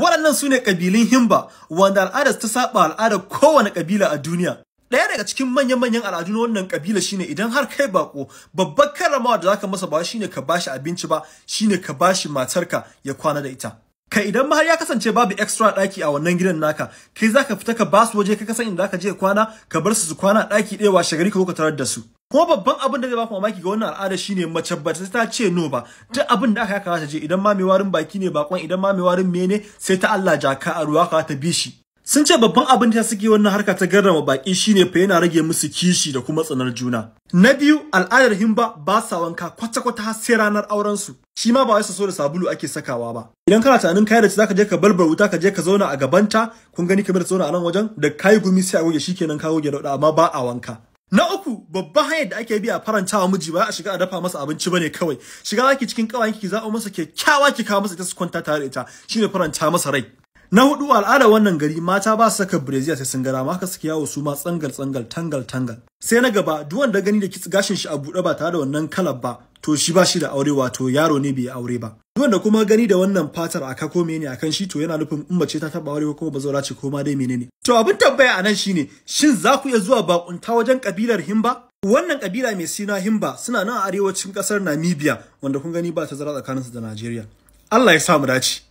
waɗannan su ne ƙabilun himba wanda al'adar ta saba al'adar kowane ƙabila a duniya Ɗaya daga cikin manyan-manyan al'adu na wannan ƙabila shine idan har kai bako babbar karramawa da zaka masa ba shine ka bashi abinci ba shine ka bashi matarka ya kwana da ita. Kai idan har ya kasance babu extra ɗaki a wannan gidan naka, kai zaka fita ka basu waje ka kasan inda zaka je kwana, ka bar su su kwana ɗaki ɗaya wa gari ka zo ka tarar da su. kuma babban abin da zai ba ku mamaki ga wannan al'ada shine mace ba ta ce no ba duk abin da aka yaka ta je idan ma mai warin baki ne bakon idan ma mai warin mene sai ta Allah jaka a ruwa ka ta bi shi sun ce babban abin da suke wannan harka ta garrama baki shine fa yana rage musu kishi da kuma tsanar juna na biyu al'adar himba ba sa wanka kwata kwata har sai ranar auren su shi ma ba wai so da sabulu ake sakawa ba idan kana tunanin kai da zaka je ka balbar wuta ka je ka zauna a gabanta kun gani kamar zauna a nan wajen da kai gumi sai a goge shikenan ka goge da amma ba a wanka Na uku babban hanyar da ake bi biya farantawa miji ba a shiga a dafa masa abinci bane kawai. Shiga zaki cikin kawai ki zaɓo masa kyakkyawa ki kawo masa ita su kwanta tare da ita shine faranta masa rai. Na hudu al'ada wannan gari mata ba su saka brazier sai sun gara maka suke yawo su ma tsangal tsangal tangal tangal. Sai na gaba duk wanda gani da kitsi gashin shi a buɗe ba tare da wannan kalar ba to shi ba shi da aure wato yaro ne bai aure ba. wanda kuma gani da wannan fatar aka ko ne akan shi to yana nufin in mace ta taba aure ko kuma bazawara ce ko ma dai menene to abin tambaya anan shine shin za ku iya zuwa bakunta wajen kabilar Himba wannan kabila mai suna Himba suna nan a arewacin kasar Namibia wanda kun gani ba ta zara tsakaninsu da Najeriya Allah ya sa mu dace